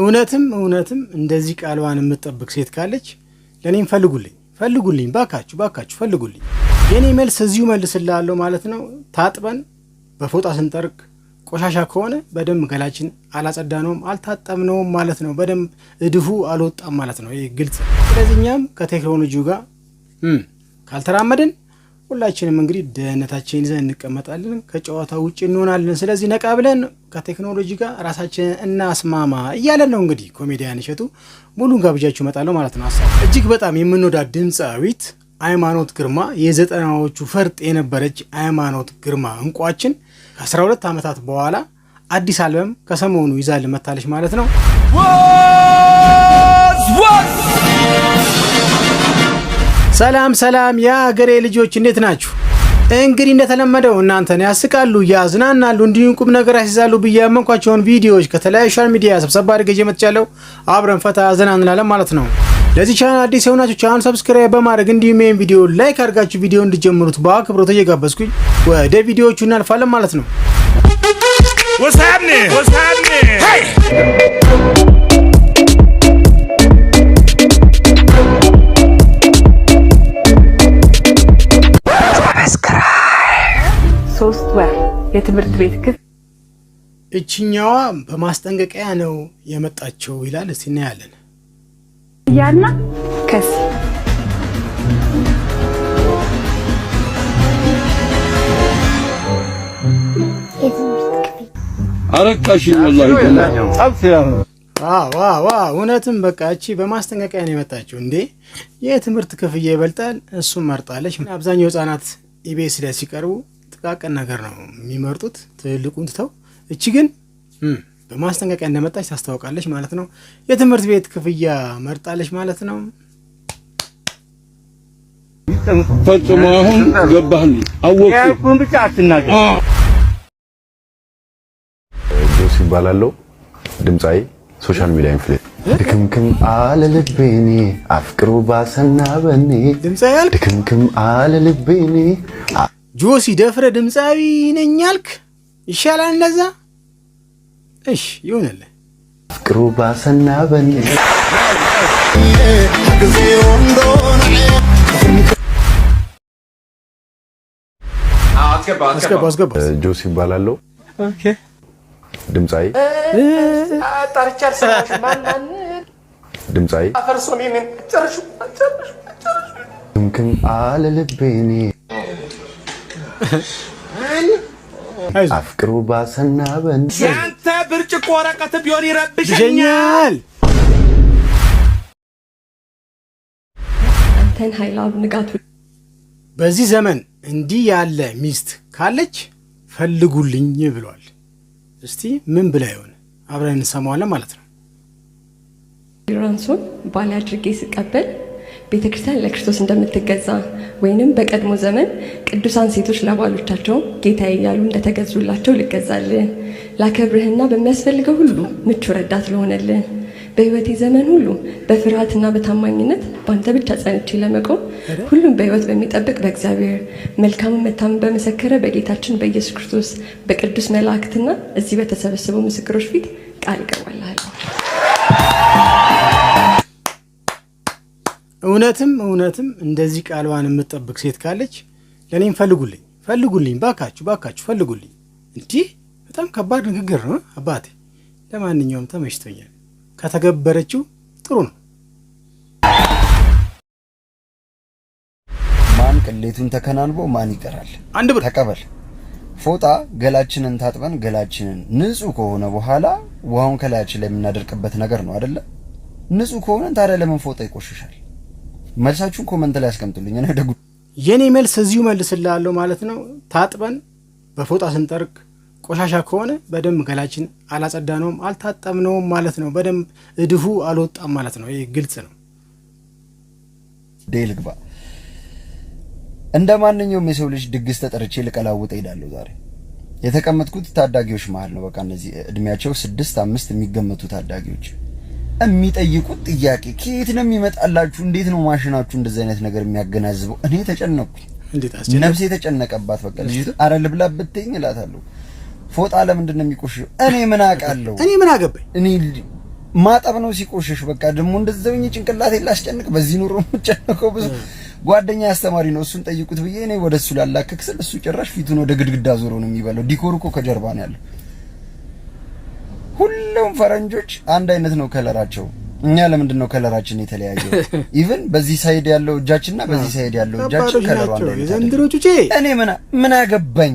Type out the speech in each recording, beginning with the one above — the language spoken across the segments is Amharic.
እውነትም እውነትም እንደዚህ ቃልዋን የምትጠብቅ ሴት ካለች ለእኔም ፈልጉልኝ፣ ፈልጉልኝ፣ ባካችሁ፣ ባካችሁ ፈልጉልኝ። የእኔ መልስ እዚሁ መልስላለሁ ማለት ነው። ታጥበን በፎጣ ስንጠርቅ ቆሻሻ ከሆነ በደንብ ገላችን አላጸዳነውም፣ አልታጠብነውም ማለት ነው። በደንብ እድፉ አልወጣም ማለት ነው። ይህ ግልጽ። ስለዚህ እኛም ከቴክኖሎጂው ጋር ካልተራመድን ሁላችንም እንግዲህ ደህንነታችን ይዘን እንቀመጣለን፣ ከጨዋታ ውጭ እንሆናለን። ስለዚህ ነቃ ብለን ከቴክኖሎጂ ጋር ራሳችንን እናስማማ እያለን ነው እንግዲህ ኮሜዲያን እሸቱ ሙሉን ጋብዣችሁ እመጣለሁ ማለት ነው። ሀሳብ እጅግ በጣም የምንወዳት ድምፃዊት ሃይማኖት ግርማ የዘጠናዎቹ ፈርጥ የነበረች ሃይማኖት ግርማ እንቋችን ከ12 ዓመታት በኋላ አዲስ አልበም ከሰሞኑ ይዛልን መታለች ማለት ነው። ሰላም ሰላም የሀገሬ ልጆች እንዴት ናችሁ? እንግዲህ እንደተለመደው እናንተን ያስቃሉ፣ ያዝናናሉ እንዲሁም ቁም ነገር ያስይዛሉ ብዬ ያመንኳቸውን ቪዲዮዎች ከተለያዩ ሶሻል ሚዲያ ሰብሰባ አድርጌ ይዤ መጥቻለሁ። አብረን ፈታ ዘና እንላለን ማለት ነው። ለዚህ ቻናል አዲስ የሆናችሁ ቻናል ሰብስክራይብ በማድረግ እንዲሁም ይህን ቪዲዮ ላይክ አድርጋችሁ ቪዲዮ እንዲጀምሩት በአክብሮት እየጋበዝኩኝ ወደ ቪዲዮዎቹ እናልፋለን ማለት ነው። ሶስት ወር የትምህርት ቤት ክፍ እችኛዋ በማስጠንቀቂያ ነው የመጣችው ይላል። እስቲ እናያለን። እያና ከስ አረቃሽ እውነትም በቃ እቺ በማስጠንቀቂያ ነው የመጣችው። እንዴ የትምህርት ክፍያ ይበልጣል፣ እሱም መርጣለች። አብዛኛው ህጻናት ኢቤስ ላይ ሲቀርቡ ጥቃቅን ነገር ነው የሚመርጡት ትልቁን ትተው፣ እቺ ግን በማስጠንቀቂያ እንደመጣች ታስታውቃለች ማለት ነው። የትምህርት ቤት ክፍያ መርጣለች ማለት ነው። ፈጽሞ አሁን ገባህ አወቅኩ ብቻ አትናገር። ጆስ ይባላለው ድምፃዊ ሶሻል ሚዲያ ኢንፍሉዌንስ ድክምክም አለ ልቤኔ አፍቅሮ ባሰና በኔ ድምፃዊ ድክምክም አለ ልቤኔ ጆሲ ደፍረ ድምፃዊ ነኝ ያልክ ይሻላል። እንደዛ እሽ ይሆንልህ። ፍቅሩ ባሰና አስገባ አስገባ። ጆሲ ይባላለሁ ድምፃዊ ድምፃዊ አልልቤ አፍቅሩ ያንተ ብርጭቆ ወረቀት ቢሆን ይረብሸኛል። በዚህ ዘመን እንዲህ ያለ ሚስት ካለች ፈልጉልኝ ብሏል። እስቲ ምን ብላ ይሆን አብረን እንሰማዋለን ማለት ነው። ራንሱን ባል አድርጌ ስቀበል ቤተ ክርስቲያን ለክርስቶስ እንደምትገዛ ወይንም በቀድሞ ዘመን ቅዱሳን ሴቶች ለባሎቻቸው ጌታ እያሉ እንደተገዙላቸው ልገዛልን፣ ላከብርህና በሚያስፈልገው ሁሉ ምቹ ረዳት ለሆነልን፣ በህይወቴ ዘመን ሁሉ በፍርሃትና በታማኝነት በአንተ ብቻ ጸንቼ ለመቆም ሁሉም በህይወት በሚጠብቅ በእግዚአብሔር መልካም መታመን በመሰከረ በጌታችን በኢየሱስ ክርስቶስ በቅዱስ መላእክትና እዚህ በተሰበሰቡ ምስክሮች ፊት ቃል እገባላለሁ። እውነትም እውነትም እንደዚህ ቃልዋን የምትጠብቅ ሴት ካለች ለእኔም ፈልጉልኝ፣ ፈልጉልኝ፣ ባካችሁ፣ ባካችሁ ፈልጉልኝ። እንዲህ በጣም ከባድ ንግግር ነው አባቴ። ለማንኛውም ተመችቶኛል። ከተገበረችው ጥሩ ነው። ማን ቅሌቱን ተከናንቦ ማን ይቀራል። አንድ ብር ተቀበል። ፎጣ ገላችንን ታጥበን ገላችንን ንጹህ ከሆነ በኋላ ውሃውን ከላያችን ላይ የምናደርቅበት ነገር ነው አይደለ? ንጹህ ከሆነ ታዲያ ለምን ፎጣ ይቆሽሻል? መልሳችሁን ኮመንት ላይ አስቀምጡልኝ። እኔ ደጉ የኔ መልስ እዚሁ መልስላለሁ ማለት ነው። ታጥበን በፎጣ ስንጠርግ ቆሻሻ ከሆነ በደንብ ገላችን አላጸዳነውም፣ አልታጠብነውም ማለት ነው። በደንብ እድፉ አልወጣም ማለት ነው። ይህ ግልጽ ነው። ዴ ልግባ እንደ ማንኛውም የሰው ልጅ ድግስ ተጠርቼ ልቀላውጥ እሄዳለሁ። ዛሬ የተቀመጥኩት ታዳጊዎች መሀል ነው። በቃ እነዚህ እድሜያቸው ስድስት አምስት የሚገመቱ ታዳጊዎች የሚጠይቁት ጥያቄ ከየት ነው የሚመጣላችሁ? እንዴት ነው ማሽናችሁ እንደዚህ አይነት ነገር የሚያገናዝበው? እኔ ተጨነቅኩኝ። ነፍሴ የተጨነቀባት በቃ አረ ልብላ ብትይኝ እላታለሁ። ፎጣ ለምንድን ነው የሚቆሽሸው? እኔ ምን አውቃለሁ? እኔ ምን አገባኝ? እኔ ማጠብ ነው ሲቆሽሽ። በቃ ደግሞ እንደዘብኝ ጭንቅላቴ ላስጨንቅ። በዚህ ኑሮ የምጨነቀው ብዙ ጓደኛ አስተማሪ ነው፣ እሱን ጠይቁት ብዬ እኔ ወደ እሱ ላላከክስል፣ እሱ ጭራሽ ፊቱን ወደ ግድግዳ ዞሮ ነው የሚበለው። ዲኮር እኮ ከጀርባ ነው ያለው። ሁሉም ፈረንጆች አንድ አይነት ነው ከለራቸው። እኛ ለምንድን ነው ከለራችን የተለያየው? ኢቭን በዚህ ሳይድ ያለው እጃችንና በዚህ ሳይድ ያለው እጃችን ከለሩ አንድ አይነት ዘንድሮ ጩጬ እኔ ምን ምን አገባኝ?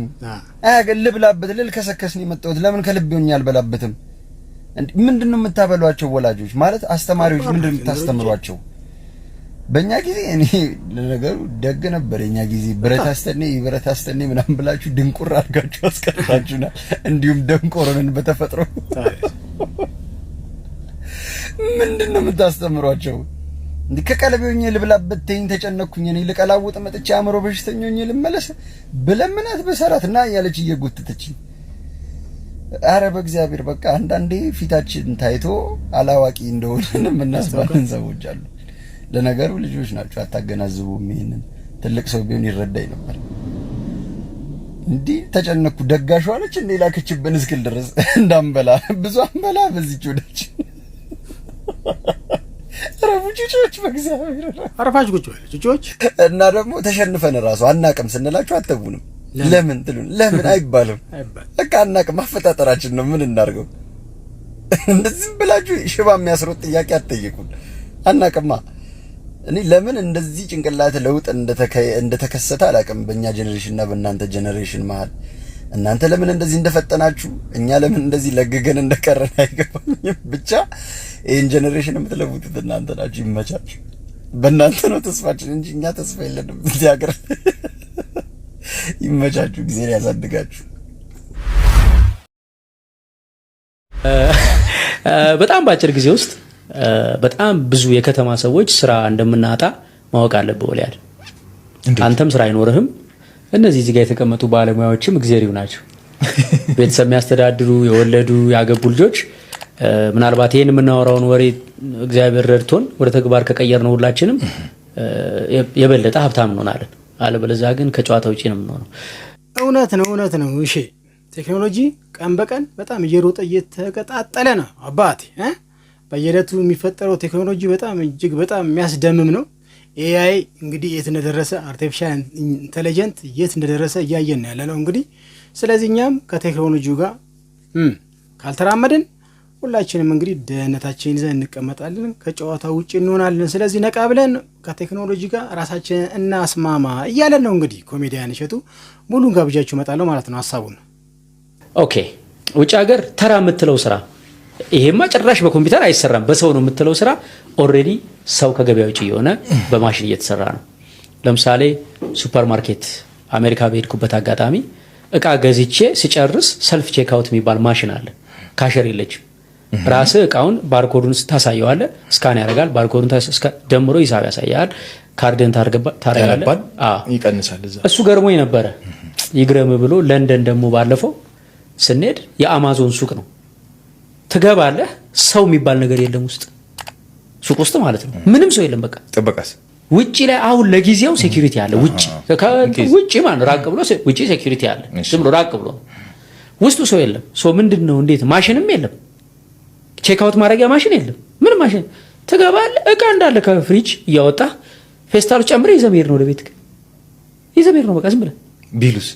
ልብላበት ልል ከሰከስ ነው የመጣሁት። ለምን ከልብ ሆኜ አልበላበትም? ምንድን ነው የምታበሏቸው? ወላጆች ማለት አስተማሪዎች ምንድን ነው የምታስተምሯቸው? በእኛ ጊዜ እኔ ለነገሩ ደግ ነበር። የኛ ጊዜ ብረት አስተኔ ብረት አስተኔ ምናምን ብላችሁ ድንቁር አድርጋችሁ አስቀርታችሁናል። እንዲሁም ደንቆሮንን በተፈጥሮ ምንድን ነው የምታስተምሯቸው? እንዲህ ከቀለቤ ሆኜ ልብላበት ተኝ ተጨነኩኝ እኔ ልቀላውጥ መጥቼ አእምሮ በሽተኛ ሆኜ ልመለስ ብለምናት በሰራት ና እያለች እየጎተተች አረ በእግዚአብሔር በቃ አንዳንዴ ፊታችን ታይቶ አላዋቂ እንደሆነ የምናስባለን ሰዎች አሉ። ለነገሩ ልጆች ናቸው፣ አታገናዝቡም። ይሄንን ትልቅ ሰው ቢሆን ይረዳኝ ነበር። እንዲህ ተጨነኩ። ደጋሽ አለች እንዴ ላከችብን እስክል ድረስ እንዳንበላ ብዙ አንበላ በዚች ወደች ረቡጭጮች በእግዚአብሔር አረፋች ወይ ጭጮች እና ደግሞ ተሸንፈን እራሱ አናቅም ስንላችሁ አተቡንም ለምን ትሉን ለምን አይባልም። በቃ አናቅም አፈጣጠራችን ነው። ምን እናርገው? እንደዚህ ብላችሁ ሽባ የሚያስሩት ጥያቄ አትጠይቁን። አናቅማ እኔ ለምን እንደዚህ ጭንቅላት ለውጥ እንደተከሰተ አላውቅም። በእኛ ጀኔሬሽን እና በእናንተ ጀኔሬሽን መሀል እናንተ ለምን እንደዚህ እንደፈጠናችሁ፣ እኛ ለምን እንደዚህ ለግገን እንደቀረን አይገባኝም። ብቻ ይህን ጀኔሬሽን የምትለውጡት እናንተ ናችሁ። ይመቻችሁ። በእናንተ ነው ተስፋችን እንጂ እኛ ተስፋ የለንም። እዚህ ሀገር ይመቻችሁ፣ ጊዜ ያሳድጋችሁ። በጣም በአጭር ጊዜ ውስጥ በጣም ብዙ የከተማ ሰዎች ስራ እንደምናጣ ማወቅ አለብህ ብለያል። አንተም ስራ አይኖርህም። እነዚህ እዚህ ጋር የተቀመጡ ባለሙያዎችም እግዚአብሔር ናቸው። ቤተሰብ የሚያስተዳድሩ የወለዱ ያገቡ ልጆች ምናልባት ይህን የምናወራውን ወሬ እግዚአብሔር ረድቶን ወደ ተግባር ከቀየር ነው ሁላችንም የበለጠ ሀብታም እንሆናለን። አለበለዚያ ግን ከጨዋታ ውጭ ነው የምንሆነው። እውነት ነው፣ እውነት ነው። እሺ ቴክኖሎጂ ቀን በቀን በጣም እየሮጠ እየተቀጣጠለ ነው አባቴ በየዕለቱ የሚፈጠረው ቴክኖሎጂ በጣም እጅግ በጣም የሚያስደምም ነው። ኤአይ እንግዲህ የት እንደደረሰ አርቲፊሻል ኢንቴሊጀንት የት እንደደረሰ እያየን ያለ ነው እንግዲህ። ስለዚህ እኛም ከቴክኖሎጂው ጋር ካልተራመድን ሁላችንም እንግዲህ ደህንነታችን ይዘን እንቀመጣለን፣ ከጨዋታ ውጭ እንሆናለን። ስለዚህ ነቃ ብለን ከቴክኖሎጂ ጋር ራሳችን እናስማማ እያለን ነው እንግዲህ ኮሜዲያን እሸቱ። ሙሉን ጋብዣችሁ እመጣለሁ ማለት ነው ሀሳቡን። ኦኬ ውጭ ሀገር ተራ የምትለው ስራ ይሄማ ጭራሽ በኮምፒውተር አይሰራም፣ በሰው ነው የምትለው ስራ ኦልሬዲ ሰው ከገበያ ውጭ የሆነ በማሽን እየተሰራ ነው። ለምሳሌ ሱፐር ማርኬት አሜሪካ በሄድኩበት አጋጣሚ እቃ ገዝቼ ስጨርስ ሰልፍ ቼክአውት የሚባል ማሽን አለ። ካሸር የለችም። ራስ እቃውን ባርኮዱን ታሳየዋለ፣ እስካን ያደርጋል። ባርኮዱን ደምሮ ሂሳብ ያሳያል። ካርድን ታደርጋለህ፣ ይቀንሳል። እሱ ገርሞኝ ነበረ ይግረም ብሎ ለንደን ደግሞ ባለፈው ስንሄድ የአማዞን ሱቅ ነው ትገባለህ። ሰው የሚባል ነገር የለም ውስጥ ሱቅ ውስጥ ማለት ነው። ምንም ሰው የለም። በቃ ጥበቃስ ውጭ ላይ አሁን ለጊዜው ሴኩሪቲ አለ። ውጭ ውጭ ማለት ራቅ ብሎ ውጭ ሴኩሪቲ አለ። ዝም ብሎ ራቅ ብሎ ውስጡ ሰው የለም። ሶ ምንድን ነው እንዴት ማሽንም የለም፣ አውት ማድረጊያ ማሽን የለም። ምን ማሽን ትገባለህ። እቃ እንዳለ ከፍሪጅ እያወጣ ፌስታሉ ጨምረህ ይዘህ መሄድ ነው ወደ ቤት ይዘህ መሄድ ነው። በቃ ዝም ብለህ ቢሉስ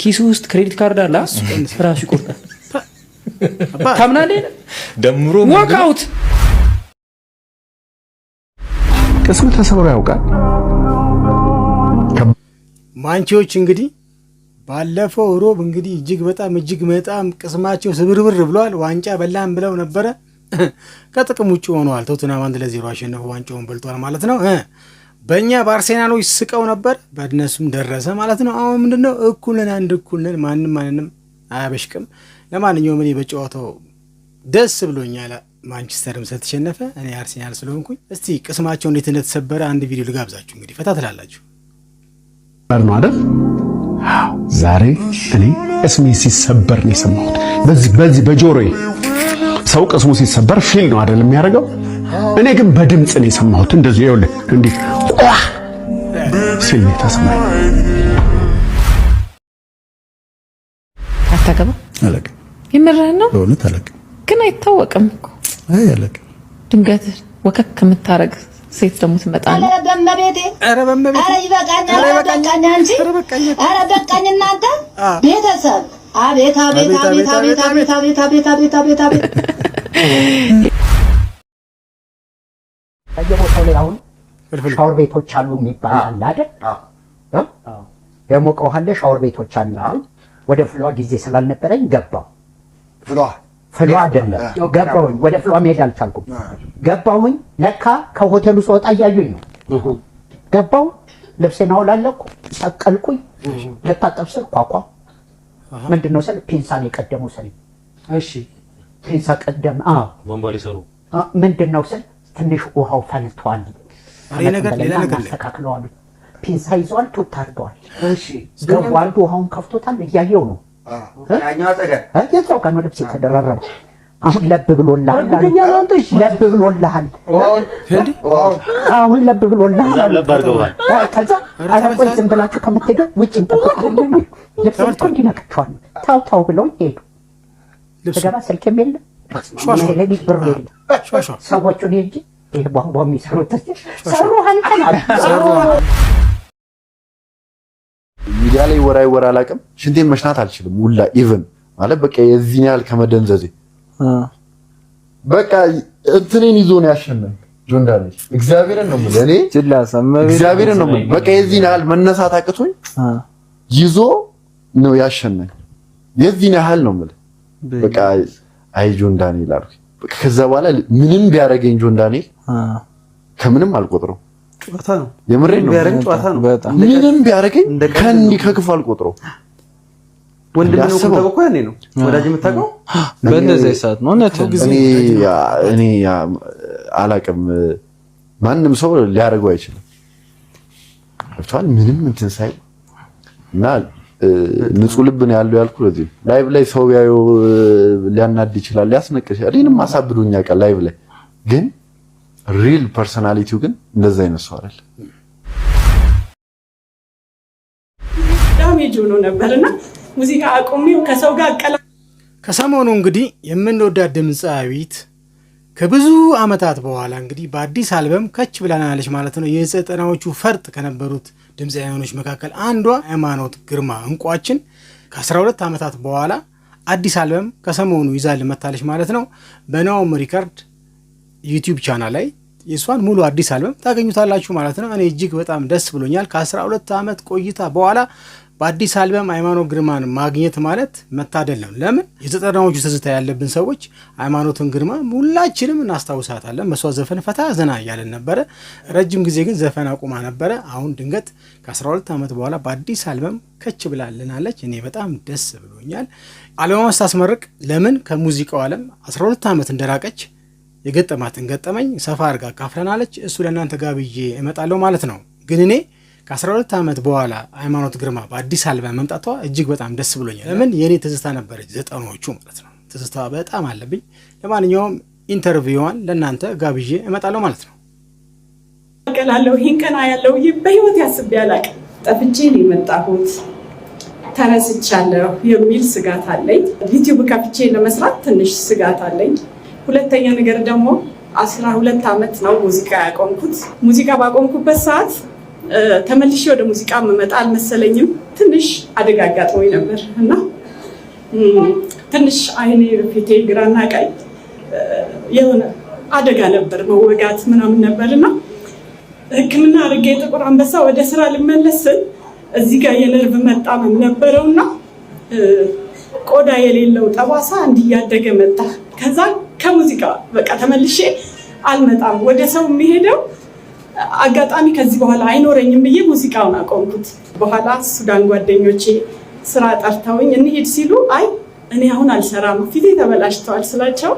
ኪሱ ውስጥ ክሬዲት ካርድ አለ ራሱ ይቆርጣል። ታምናለህ? ደምሮ ወካውት ቅስም ተሰብሮ ያውቃል። ማንቺዎች እንግዲህ ባለፈው ሮብ እንግዲህ እጅግ በጣም እጅግ በጣም ቅስማቸው ስብርብር ብሏል። ዋንጫ በላን ብለው ነበረ ከጥቅም ውጭ ሆነዋል። ቶትናም አንድ ለዜሮ አሸነፈ፣ ዋንጫውን በልቷል ማለት ነው። በእኛ በአርሴናሎች ስቀው ነበር፣ በእነሱም ደረሰ ማለት ነው። አሁን ምንድነው እኩልን አንድ እኩልን ማንም ማንንም አያበሽቅም። ለማንኛውም እኔ በጨዋታው ደስ ብሎኛል። ማንቸስተርም ስለተሸነፈ እኔ አርሴናል ስለሆንኩኝ፣ እስቲ ቅስማቸው እንዴት እንደተሰበረ አንድ ቪዲዮ ልጋብዛችሁ። እንግዲህ ፈታ ትላላችሁ ነው አይደል? ዛሬ እኔ ቅስሜ ሲሰበር ነው የሰማሁት። በዚህ በዚህ በጆሮዬ ሰው ቅስሙ ሲሰበር ፊል ነው አይደል የሚያደርገው። እኔ ግን በድምፅ ነው የሰማሁት። እንደዚህ ይኸውልህ፣ እንዲህ ቋ ሲል ነው የተሰማኝ። አታገባ የምርህን ነው? በእውነት አላውቅም፣ ግን አይታወቅም እኮ አይ አላውቅም። ድንገት ወከክ ከምታረግ ሴት ደግሞ ትመጣ ነው። ኧረ በመቤቴ፣ ኧረ በመቤቴ፣ ኧረ ይበቃኝ፣ ኧረ በቃኝ አንቺ፣ ኧረ በቃኝ እናንተ ቤተሰብ። አቤት አቤት አቤት አቤት አቤት አቤት አቤት አቤት አቤት አቤት በየቦታው ላይ አሁን ሻወር ቤቶች አሉ የሚባል አይደል? የሞቀ ውሃ አለ ሻወር ቤቶች አሉ። ወደ ፍሏ ጊዜ ስላልነበረኝ ገባው ፍሎ አይደለም ገባሁኝ። ወደ ፍሏ መሄድ አልቻልኩም። ገባሁኝ ለካ ከሆቴሉ ስወጣ እያዩኝ ነው። ገባሁ ልብሴን አውላለኩ፣ ሰቀልኩኝ፣ ልታጠብ ስል ኳኳ። ምንድን ነው ስል ፔንሳን የቀደመው ስል ፔንሳ ቀደም ምንድን ነው ስል ትንሽ ውሃው ፈንቷል፣ አስተካክለዋሉ። ፔንሳ ይዘዋል፣ ቱታ አድርገዋል። ገቡ አንዱ ውሃውን ከፍቶታል፣ እያየው ነው ጌታው ጋር ነው ልብስ የተደራረበ። አሁን ለብ ብሎልሃል፣ ለብ ብሎልሃል፣ አሁን ለብ ብሎልሃል። ከዛ አረቆይ ዝም ብላችሁ ከምትሄዱ ውጭ እንጠብቃለን። ልብስ ልኮ እንዲነቅቸዋል። ታው ታው ብለው ሄዱ። ስገባ ስልክም የለም ብር የለም። ሰዎቹን ሄጂ ይህ ቧንቧ የሚሰሩት ሰሩ አንተን አሉ ሚዲያ ላይ ወራይ ወራ አላውቅም። ሽንቴን መሽናት አልችልም ሁላ ኢቭን ማለት በቃ የዚህን ያህል ከመደንዘዜ በቃ እንትኔን ይዞ ነው ያሸነኝ። ጆን እግዚአብሔርን ነው የምልህ እኔ እግዚአብሔርን ነው በቃ የዚህን ያህል መነሳት አቅቶኝ ይዞ ነው ያሸነኝ። የዚህን ያህል ነው የምልህ በቃ አይ ጆን ዳንኤል አልኩኝ። ከዛ በኋላ ምንም ቢያደርገኝ ጆን ዳንኤል ከምንም አልቆጥረው ጨዋታ ነው። የምሬ ነው። ቢያረግ ጨዋታ ነው። ምንም ቢያረገኝ ከእንዲህ ከክፉ አልቆጥረው። ወንድም ነው እኮ ያኔ ነው ወዳጅ የምታውቀው በእንደዚያ ሰዓት ነው። እኔ አላቅም። ማንም ሰው ሊያደርገው አይችልም። ገብቶሃል? ምንም እንትን ሳይ እና ንጹህ ልብ ነው ያለው ያልኩ። ለዚህ ላይቭ ላይ ሰው ያየው ሊያናድ ይችላል፣ ሊያስነቅሽ እኔንም አሳብዶኛል። ላይቭ ላይ ግን ሪል ፐርሰናሊቲው ግን እንደዛ አይነሱ አይደል። ዳሜጅ ሆኖ ነበርና ሙዚቃ አቁሜው ከሰው ጋር አቀላ ከሰሞኑ እንግዲህ የምንወዳት ድምፃዊት ከብዙ ዓመታት በኋላ እንግዲህ በአዲስ አልበም ከች ብላናለች ማለት ነው። የዘጠናዎቹ ፈርጥ ከነበሩት ድምፃውያኖች መካከል አንዷ ሃይማኖት ግርማ እንቋችን ከ12 ዓመታት በኋላ አዲስ አልበም ከሰሞኑ ይዛል መታለች ማለት ነው በናኦም ሪከርድ ዩቲዩብ ቻናል ላይ የእሷን ሙሉ አዲስ አልበም ታገኙታላችሁ ማለት ነው። እኔ እጅግ በጣም ደስ ብሎኛል። ከ12 ዓመት ቆይታ በኋላ በአዲስ አልበም ሃይማኖት ግርማን ማግኘት ማለት መታደል ነው። ለምን የዘጠናዎቹ ትዝታ ያለብን ሰዎች ሃይማኖትን ግርማ ሁላችንም እናስታውሳታለን። በሷ ዘፈን ፈታ ዘና እያለን ነበረ። ረጅም ጊዜ ግን ዘፈን አቁማ ነበረ። አሁን ድንገት ከ12 ዓመት በኋላ በአዲስ አልበም ከች ብላልናለች። እኔ በጣም ደስ ብሎኛል። አልበሟ ስታስመርቅ ለምን ከሙዚቃው ዓለም 12 ዓመት እንደራቀች የገጠማትን ገጠመኝ ሰፋ አድርጋ አካፍለናለች። እሱ ለእናንተ ጋር ብዬ እመጣለሁ ማለት ነው። ግን እኔ ከ12 ዓመት በኋላ ሃይማኖት ግርማ በአዲስ አልባ መምጣቷ እጅግ በጣም ደስ ብሎኛል። ለምን የእኔ ትዝታ ነበረች፣ ዘጠኖቹ ማለት ነው። ትዝታ በጣም አለብኝ። ለማንኛውም ኢንተርቪዋን ለእናንተ ጋብዤ እመጣለሁ ማለት ነው። ቀላለሁ ይህን ቀና ያለው ይህ በህይወት ያስቤ አላቅም። ጠፍቼ ነው የመጣሁት ተረስቻለሁ የሚል ስጋት አለኝ። ዩቲዩብ ከፍቼ ለመስራት ትንሽ ስጋት አለኝ። ሁለተኛ ነገር ደግሞ አስራ ሁለት ዓመት ነው ሙዚቃ ያቆምኩት። ሙዚቃ ባቆምኩበት ሰዓት ተመልሼ ወደ ሙዚቃ መመጣ አልመሰለኝም። ትንሽ አደጋ አጋጥሞኝ ነበር እና ትንሽ አይኔ ፊቴ ግራና ቀኝ የሆነ አደጋ ነበር፣ መወጋት ምናምን ነበር እና ሕክምና አድርጌ የጥቁር አንበሳ ወደ ስራ ልመለስን እዚህ ጋር የነርቭ መጣመም ነበረውና ቆዳ የሌለው ጠባሳ እንዲያደገ መጣ ከዛ ከሙዚቃ በቃ ተመልሼ አልመጣም ወደ ሰው የሚሄደው አጋጣሚ ከዚህ በኋላ አይኖረኝም ብዬ ሙዚቃውን አቆምኩት። በኋላ ሱዳን ጓደኞቼ ስራ ጠርተውኝ እንሄድ ሲሉ አይ እኔ አሁን አልሰራም ፊቴ ተበላሽተዋል ስላቸው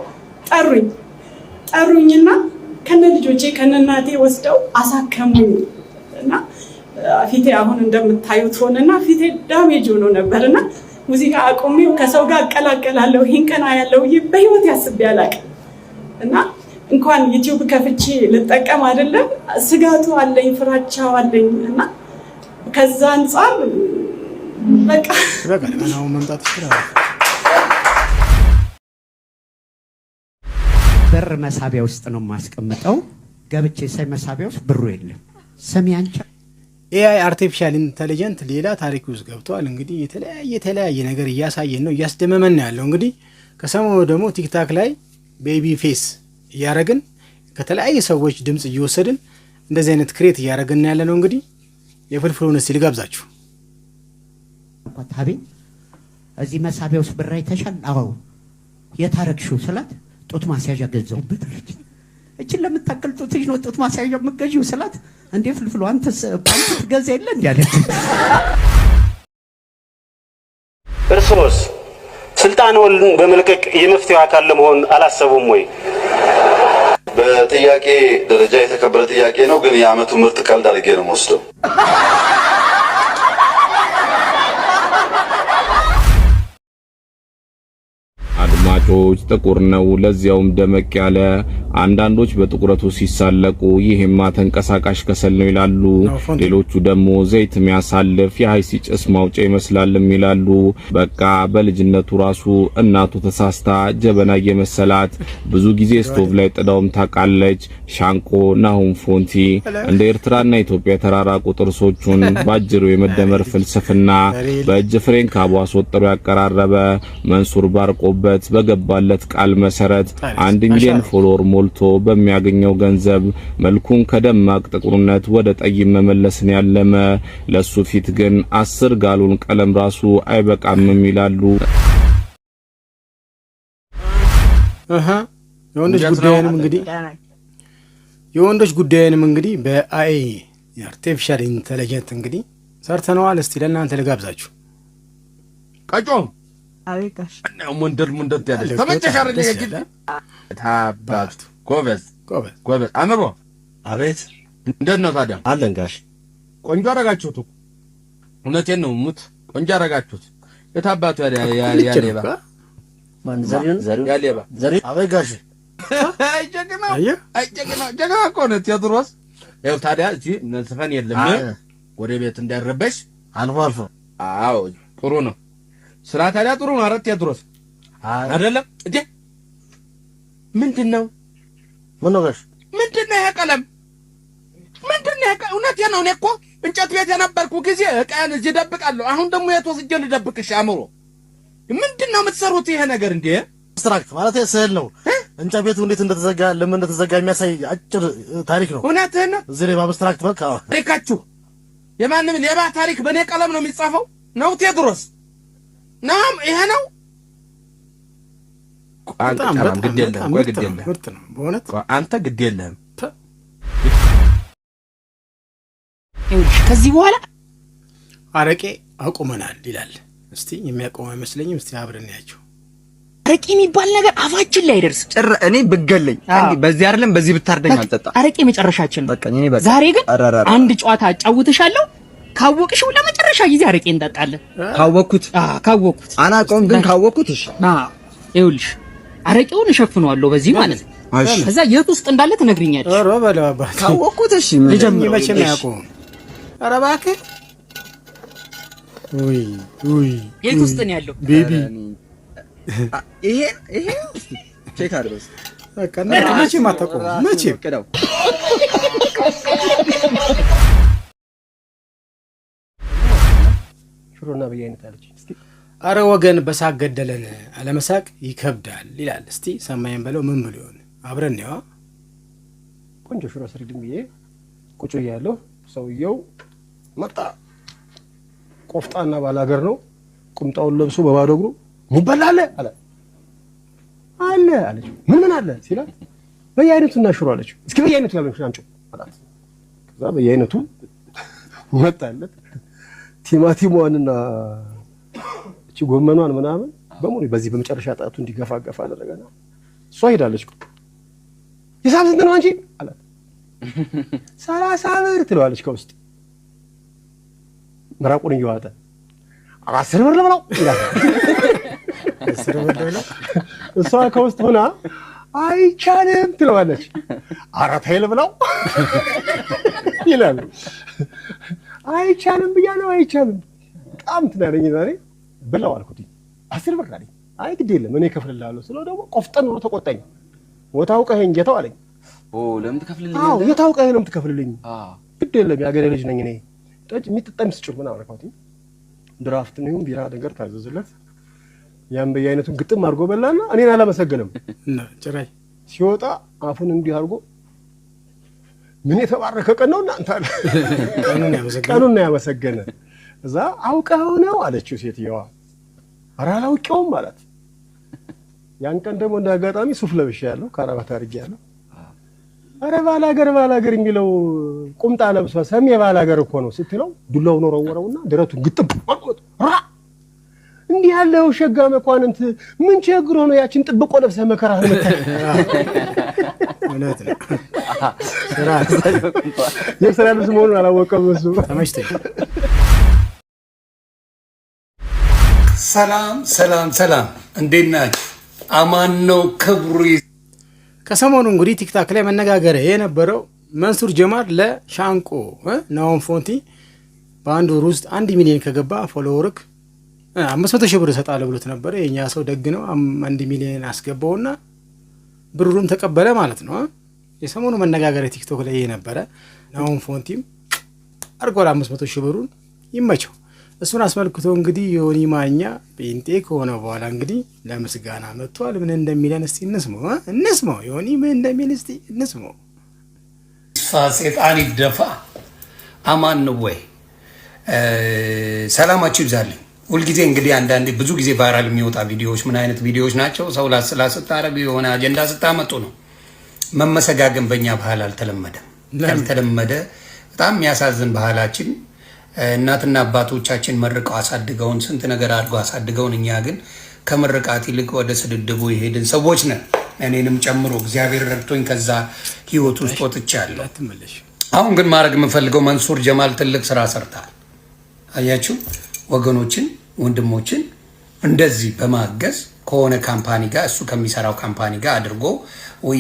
ጠሩኝ ጠሩኝና ከነ ልጆቼ ከነናቴ ወስደው አሳከሙኝ እና ፊቴ አሁን እንደምታዩት ሆነና ፊቴ ዳሜጅ ሆኖ ነበርና ሙዚቃ አቁሜ ከሰው ጋር አቀላቀላለሁ ይህን ቀና ያለው በህይወት ያስቤ አላውቅም። እና እንኳን ዩቲዩብ ከፍቼ ልጠቀም አይደለም ስጋቱ አለኝ፣ ፍራቻው አለኝ እና ከዛ አንጻር በቃ መምጣት መሳቢያ ውስጥ ነው የማስቀምጠው። ገብቼ ሳይ መሳቢያ ውስጥ ብሩ የለም። ሰሚያንቻ ኤአይ አርቲፊሻል ኢንተሊጀንት ሌላ ታሪክ ውስጥ ገብቷል። እንግዲህ የተለያየ የተለያየ ነገር እያሳየን ነው፣ እያስደመመን ነው ያለው። እንግዲህ ከሰሞኑ ደግሞ ቲክታክ ላይ ቤቢ ፌስ እያረግን ከተለያየ ሰዎች ድምፅ እየወሰድን እንደዚህ አይነት ክሬት እያረግን ያለ ነው። እንግዲህ የፍልፍሉን ሲል ጋብዛችሁ ታቢ እዚህ መሳቢያ ውስጥ ብራ አይተሻል? አዎ። የት ስላት ጡት ማስያዣ ገዛሁበት። እችን ለምታቀል ጡትሽ ነው ጡት ማስያዣ የምገዢው ስላት እንዴ ፍልፍሉ አንተስ ፓምፕ ትገዛ የለ እንዴ አለ። እርስዎስ ስልጣንዎን በመልቀቅ የመፍትሄው አካል ለመሆን አላሰቡም ወይ? በጥያቄ ደረጃ የተከበረ ጥያቄ ነው፣ ግን የአመቱ ምርጥ ቀልድ አድርጌ ነው የምወስደው። ፎቶዎች ጥቁር ነው፣ ለዚያውም ደመቅ ያለ። አንዳንዶች በጥቁረቱ ሲሳለቁ ይሄማ ተንቀሳቃሽ ከሰል ነው ይላሉ። ሌሎቹ ደግሞ ዘይት የሚያሳልፍ የሀይሲ ጭስ ማውጫ ይመስላልም ይላሉ። በቃ በልጅነቱ ራሱ እናቱ ተሳስታ ጀበና የመሰላት ብዙ ጊዜ ስቶቭ ላይ ጥዳውም ታውቃለች። ሻንቆ ናሁም ፎንቲ እንደ ኤርትራና ኢትዮጵያ የተራራቁ ጥርሶቹን ባጅሩ የመደመር ፍልስፍና በእጅ ፍሬን ካቦ አስወጥሮ ያቀራረበ መንሱር ባርቆበት በገ በገባለት ቃል መሰረት አንድ ሚሊዮን ፎሎወር ሞልቶ በሚያገኘው ገንዘብ መልኩን ከደማቅ ጥቁርነት ወደ ጠይም መመለስን ያለመ ለሱ ፊት ግን አስር ጋሉን ቀለም ራሱ አይበቃም ይላሉ። አሃ የወንዶች ጉዳይንም እንግዲህ የወንዶች ጉዳይንም እንግዲህ በአይ የአርቲፊሻል ኢንተለጀንት እንግዲህ ሰርተነዋል። እስቲ ለእናንተ ልጋብዛችሁ ቀጮም ሞንደር ሞንደር ያለ ተመቸሽ አረኛ ታባቱ ጎበዝ ጎበዝ ጎበዝ አምሮ አቤት እንደት ነው ታዲያ አለን ጋሽ ቆንጆ አረጋችሁት እኮ እውነቴን ነው ሙት ቆንጆ አረጋችሁት የታባቱ ያለ ያሌባ ማን ዘሪሁን ያሌባ ዘሪሁን አቤት ጋሽ አይ ጀግናው አይ ጀግና እኮ ነው ቴዎድሮስ ይኸው ታዲያ እዚህ እነ ስፈን የለም ወደ ቤት እንዳይረበሽ አልፎ አልፎ አዎ ጥሩ ነው ስራ ታዲያ ጥሩ ነው። አራት ያድሮስ አይደለም እንዴ? ምንድን ነው ምን ነው ጋሽ? ምንድን ነው ይሄ ቀለም? ምንድን ነው ይሄ? እውነቴን ነው። እኔ እኮ እንጨት ቤት የነበርኩ ጊዜ ዕቃዬን እዚህ እደብቃለሁ። አሁን ደግሞ የት ወስጄ ልደብቅሽ? አእምሮ ምንድን ነው የምትሰሩት ይሄ ነገር እንዴ? ስትራክት ማለት ስዕል ነው። እንጨት ቤቱ እንዴት እንደተዘጋ ለምን እንደተዘጋ የሚያሳይ አጭር ታሪክ ነው። እውነትህን ነው። እዚህ ላይ በአብስትራክት መልክ ታሪካችሁ የማንም ሌባ ታሪክ በእኔ ቀለም ነው የሚጻፈው ነው ቴድሮስ ናም ይሄ ነው። አንተ ግድ የለህም፣ አንተ ግድ የለህም። ከዚህ በኋላ አረቄ አቁመናል ይላል። እስቲ የሚያቆመው አይመስለኝም። እስቲ አብረን ያቸው አረቄ የሚባል ነገር አፋችን ላይ አይደርስም። ጭራ እኔ ብገለኝ በዚህ አይደለም በዚህ ብታርደኝ አልጠጣም። አረቄ መጨረሻችን ነው። ዛሬ ግን አንድ ጨዋታ አጫውትሻለሁ ካወቅሽው ለመጨረሻ ጊዜ አረቄ እንጠጣለን። ካወቅኩት ካወቅኩት አናውቀውም፣ ግን ካወቅኩት እሺ፣ ይኸውልሽ አረቄውን እሸፍነዋለሁ በዚህ ማለት ነው። ከዛ የት ውስጥ እንዳለ ትነግሪኛለሽ። ኧረ በለው አባት ካወቅኩት። እሺ መቼም አያውቀውም። ኧረ እባክህ ውይ ውይ፣ የት ውስጥ ነው ያለው ቤቢ? ይሄን ይሄን ቼክ አድርገው በቃ። መቼም አታውቀውም መቼም ሽሮና ብዬ አይነት አለች። እስቲ አረ ወገን በሳቅ ገደለን አለመሳቅ ይከብዳል ይላል። እስቲ ሰማይን በለው ምን ብሎ ይሆን አብረን ዋ ቆንጆ ሽሮ ስሪ ድምዬ ቁጭ እያለሁ ሰውየው መጣ። ቆፍጣና ባላገር ነው። ቁምጣውን ለብሶ በባዶ እግሩ ሙበላ አለ አለ አለ ምን ምን አለ ሲላት እና ሽሮ አለችው። እስኪ በየአይነቱ ያለችው አንጮ አላት። ከዛ በየአይነቱ መጣለት። ቲማቲሟንና እቺ ጎመኗን ምናምን በሙሉ በዚህ በመጨረሻ ጣቱ እንዲገፋገፋ አደረገና እሷ ሄዳለች። ሂሳብ ስንት ነው አንቺ አላት። ሰላሳ ብር ትለዋለች። ከውስጥ ምራቁን እየዋጠ አስር ብር ልብላው እሷ ከውስጥ ሆና አይቻልም ትለዋለች። አራት ልብለው ብላው አይቻልም ብያለሁ፣ አይቻልም በጣም ትናደኝ ዛሬ ብለው አልኩት። አስር ብር አለኝ። አይ ግድ የለም እኔ እከፍልልሃለሁ ስለው ደግሞ ቆፍጠን ብሎ ተቆጣኝ። ወታውቀኸኝ ጌታው አለኝ። ለምን ትከፍልልኝ? አዎ የታውቀኸኝ ነው የምትከፍልልኝ። ግድ የለም የአገሬ ልጅ ነኝ እኔ ጠጭ የሚጠጣ የሚስጭር ምናምን አልኳት። ድራፍት ነው ቢራ ነገር ታዘዝለት። ያን በየአይነቱን ግጥም አድርጎ በላና እኔን አላመሰገንም ጭራይ ሲወጣ አፉን እንዲህ አድርጎ ምን የተባረከ ቀን ነው እናንተ አለ። ቀኑን ነው ያመሰገነ። እዛ አውቀኸው ነው አለችው ሴትየዋ። ኧረ አላውቀውም አላት። ያን ቀን ደግሞ እንደ አጋጣሚ ሱፍ ለብሻለሁ፣ ካራባት አድርጌያለሁ። ኧረ ባላገር ባላገር የሚለው ቁምጣ ለብሷ ሰሜ ባላገር እኮ ነው ስትለው ዱላውን ወረወረውና ደረቱን ግጥም ራ እንዲህ ያለው ሸጋ መኳንንት ምን ቸግሮ ነው ያችን ጥብቆ ለብሰ መከራ የስራ ልብስ መሆኑን አላወቀም እሱ። ሰላም ሰላም ሰላም፣ እንዴት ናችሁ? አማን ነው ክብሩ። ከሰሞኑ እንግዲህ ቲክታክ ላይ መነጋገሪያ የነበረው መንሱር ጀማል ለሻንቆ ናሆም ፎንቲ በአንድ ወር ውስጥ አንድ ሚሊዮን ከገባ ፎሎወርክ አምስት መቶ ሺህ ብር እሰጣለሁ ብሎት ነበረ። የኛ ሰው ደግ ነው። አንድ ሚሊዮን አስገባውና ብሩን ተቀበለ ማለት ነው። የሰሞኑ መነጋገር ቲክቶክ ላይ የነበረ ናሆም ፎንቲም አድርጓል። አምስት መቶ ሺህ ብሩን ይመቸው። እሱን አስመልክቶ እንግዲህ ዮኒ ማኛ ጴንጤ ከሆነ በኋላ እንግዲህ ለምስጋና መጥቷል። ምን እንደሚለን እስቲ እንስሞ እንስሞ ዮኒ ምን እንደሚል እስቲ እንስማው። ሴጣን ይደፋ። አማን ወይ ሰላማችሁ ይብዛልኝ። ሁልጊዜ እንግዲህ አንዳንዴ ብዙ ጊዜ ቫይራል የሚወጣ ቪዲዮዎች ምን አይነት ቪዲዮዎች ናቸው? ሰው ላስላ ስታረግ የሆነ አጀንዳ ስታመጡ ነው። መመሰጋገን በእኛ ባህል አልተለመደም፣ ያልተለመደ በጣም የሚያሳዝን ባህላችን። እናትና አባቶቻችን መርቀው አሳድገውን ስንት ነገር አድርገው አሳድገውን፣ እኛ ግን ከምርቃት ይልቅ ወደ ስድድቡ የሄድን ሰዎች ነን። እኔንም ጨምሮ እግዚአብሔር ረድቶኝ ከዛ ህይወት ውስጥ ወጥቻለሁ። አሁን ግን ማድረግ የምፈልገው መንሱር ጀማል ትልቅ ስራ ሰርታል። አያችሁ ወገኖችን ወንድሞችን እንደዚህ በማገዝ ከሆነ ካምፓኒ ጋር እሱ ከሚሰራው ካምፓኒ ጋር አድርጎ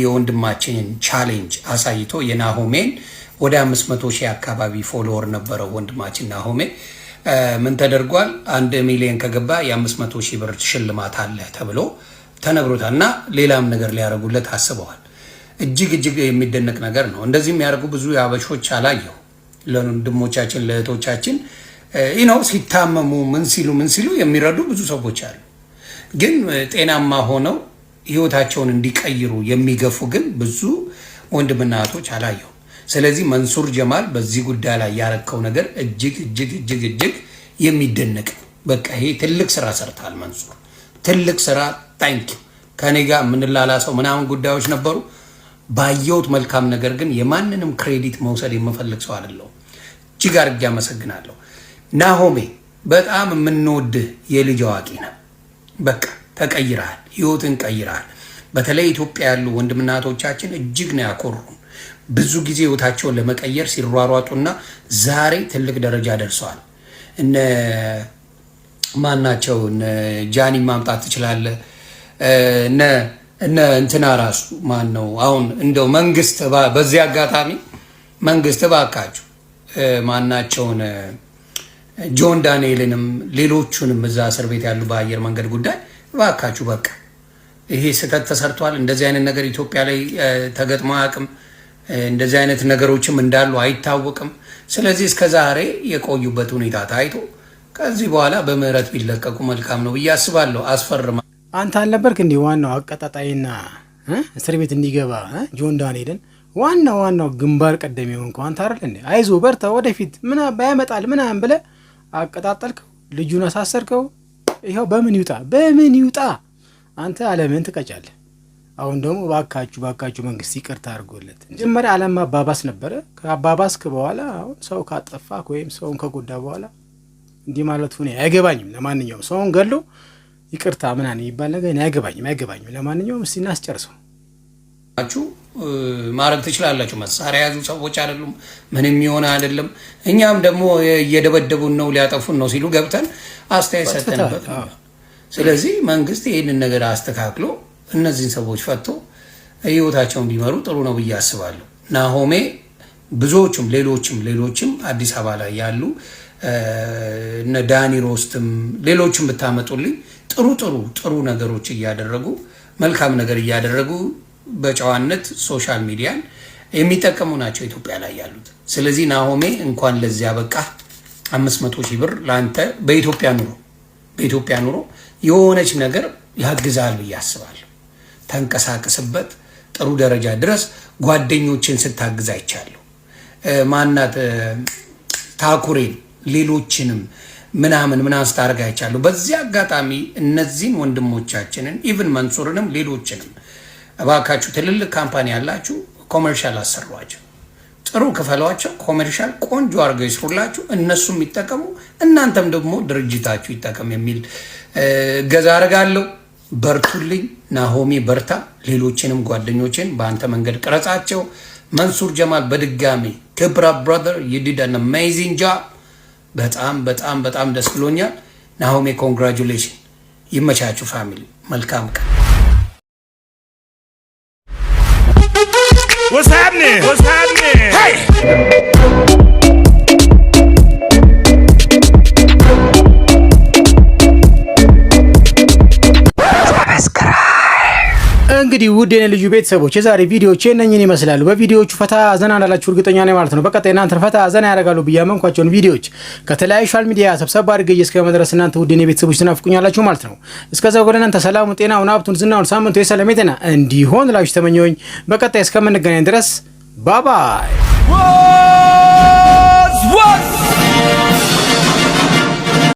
የወንድማችንን ቻሌንጅ አሳይቶ የናሆሜን ወደ 500 ሺህ አካባቢ ፎሎወር ነበረው ወንድማችን ናሆሜ። ምን ተደርጓል? አንድ ሚሊዮን ከገባ የ500 ሺህ ብር ሽልማት አለ ተብሎ ተነግሮታል። እና ሌላም ነገር ሊያደርጉለት አስበዋል። እጅግ እጅግ የሚደነቅ ነገር ነው። እንደዚህ የሚያደርጉ ብዙ የአበሾች አላየሁ። ለወንድሞቻችን ለእህቶቻችን ነው ሲታመሙ ምን ሲሉ ምን ሲሉ የሚረዱ ብዙ ሰዎች አሉ። ግን ጤናማ ሆነው ህይወታቸውን እንዲቀይሩ የሚገፉ ግን ብዙ ወንድምና እህቶች አላየሁም። ስለዚህ መንሱር ጀማል በዚህ ጉዳይ ላይ ያረከው ነገር እጅግ እጅግ እጅግ እጅግ የሚደነቅ በቃ ይሄ ትልቅ ስራ ሰርታል። መንሱር ትልቅ ስራ ታንኪ ከኔ ጋር ሰው ምናምን ጉዳዮች ነበሩ። ባየሁት መልካም ነገር ግን የማንንም ክሬዲት መውሰድ የምፈልግ ሰው አይደለሁም። እጅግ አድርጌ አመሰግናለሁ። ናሆሜ በጣም የምንወድህ የልጅ አዋቂ ነው። በቃ ተቀይረሃል፣ ህይወትን ቀይረሃል። በተለይ ኢትዮጵያ ያሉ ወንድምናቶቻችን እጅግ ነው ያኮሩን። ብዙ ጊዜ ህይወታቸውን ለመቀየር ሲሯሯጡና ዛሬ ትልቅ ደረጃ ደርሰዋል። እነ ማናቸው ጃኒ ማምጣት ትችላለህ። እነ እንትና ራሱ ማን ነው አሁን እንደው መንግስት፣ በዚህ አጋጣሚ መንግስት እባካችሁ ማናቸውን ጆን ዳንኤልንም ሌሎቹንም እዛ እስር ቤት ያሉ በአየር መንገድ ጉዳይ እባካችሁ በቃ ይሄ ስህተት ተሰርቷል። እንደዚህ አይነት ነገር ኢትዮጵያ ላይ ተገጥሞ አያውቅም። እንደዚህ አይነት ነገሮችም እንዳሉ አይታወቅም። ስለዚህ እስከ ዛሬ የቆዩበት ሁኔታ ታይቶ ከዚህ በኋላ በምህረት ቢለቀቁ መልካም ነው ብዬ አስባለሁ። አስፈርማ አንተ አልነበርክ እንዲህ ዋናው አቀጣጣይና እስር ቤት እንዲገባ ጆን ዳንኤልን ዋና ዋናው ግንባር ቀደም የሆንከው አንተ አይደል? አይዞ በርታ፣ ወደፊት ምናምን ባያመጣል ምናምን ብለህ አቀጣጠልከው፣ ልጁን አሳሰርከው። ይኸው በምን ይውጣ በምን ይውጣ? አንተ አለምን ትቀጫለህ። አሁን ደግሞ ባካችሁ ባካችሁ መንግስት ይቅርታ አድርጎለት። መጀመሪያ አለም አባባስ ነበረ። ከአባባስክ በኋላ አሁን ሰው ካጠፋ ወይም ሰውን ከጎዳ በኋላ እንዲህ ማለት ሁኔ አይገባኝም። ለማንኛውም ሰውን ገሎ ይቅርታ ምናምን የሚባል ነገር አይገባኝም አይገባኝም። ለማንኛውም እስቲ እናስጨርሰው። ማድረግ ትችላላችሁ። መሳሪያ የያዙ ሰዎች አይደሉም፣ ምንም የሆነ አይደለም። እኛም ደግሞ እየደበደቡን ነው ሊያጠፉን ነው ሲሉ ገብተን አስተያየት ሰጠንበት። ስለዚህ መንግስት ይህንን ነገር አስተካክሎ እነዚህን ሰዎች ፈቶ ህይወታቸውን ቢመሩ ጥሩ ነው ብዬ አስባለሁ። ናሆሜ ብዙዎችም ሌሎችም ሌሎችም አዲስ አበባ ላይ ያሉ እነ ዳኒ ሮስትም ሌሎችም ብታመጡልኝ ጥሩ ጥሩ ጥሩ ነገሮች እያደረጉ መልካም ነገር እያደረጉ በጨዋነት ሶሻል ሚዲያን የሚጠቀሙ ናቸው ኢትዮጵያ ላይ ያሉት። ስለዚህ ናሆሜ እንኳን ለዚያ በቃ አምስት መቶ ሺህ ብር ለአንተ በኢትዮጵያ ኑሮ በኢትዮጵያ ኑሮ የሆነች ነገር ያግዛል ብዬ አስባለሁ። ተንቀሳቀስበት፣ ጥሩ ደረጃ ድረስ ጓደኞችን ስታግዝ አይቻለሁ። ማናት ታኩሬን፣ ሌሎችንም ምናምን ምናምን ስታደርግ አይቻለሁ። በዚህ አጋጣሚ እነዚህን ወንድሞቻችንን ኢቭን መንሱርንም ሌሎችንም እባካችሁ ትልልቅ ካምፓኒ ያላችሁ ኮመርሻል አሰሯቸው፣ ጥሩ ክፈሏቸው። ኮመርሻል ቆንጆ አድርገው ይስሩላችሁ፣ እነሱም ይጠቀሙ፣ እናንተም ደግሞ ድርጅታችሁ ይጠቀም የሚል እገዛ አድርጋለሁ። በርቱልኝ። ናሆሚ በርታ። ሌሎችንም ጓደኞችን በአንተ መንገድ ቅረጻቸው። መንሱር ጀማል በድጋሚ ክብራ ብራዘር የዲዳን አሜዚንግ ጃብ በጣም በጣም በጣም ደስ ብሎኛል። ናሆሜ ኮንግራጁሌሽን። ይመቻችሁ ፋሚሊ። መልካም ቀን What's happening? What's happening? Hey! እንግዲህ ውድ የኔ ልዩ ቤተሰቦች የዛሬ ቪዲዮዎች የነኝን ይመስላሉ። በቪዲዮዎቹ ፈታ ዘና እንዳላችሁ እርግጠኛ ነኝ ማለት ነው። በቀጣይ እናንተን ፈታ ዘና ያደርጋሉ ብዬ አመንኳቸውን ቪዲዮዎች ከተለያዩ ሶሻል ሚዲያ ሰብሰብ አድርጌ እስከ መድረስ እናንተ ውድ የኔ ቤተሰቦች ትናፍቁኛላችሁ ማለት ነው። እስከዛ ጎደ እናንተ ሰላሙ፣ ጤናውን፣ ሀብቱን፣ ዝናውን ሳምንቱ የሰላም የጤና እንዲሆን ላችሁ ተመኘሁኝ። በቀጣይ እስከምንገናኝ ድረስ ባባይ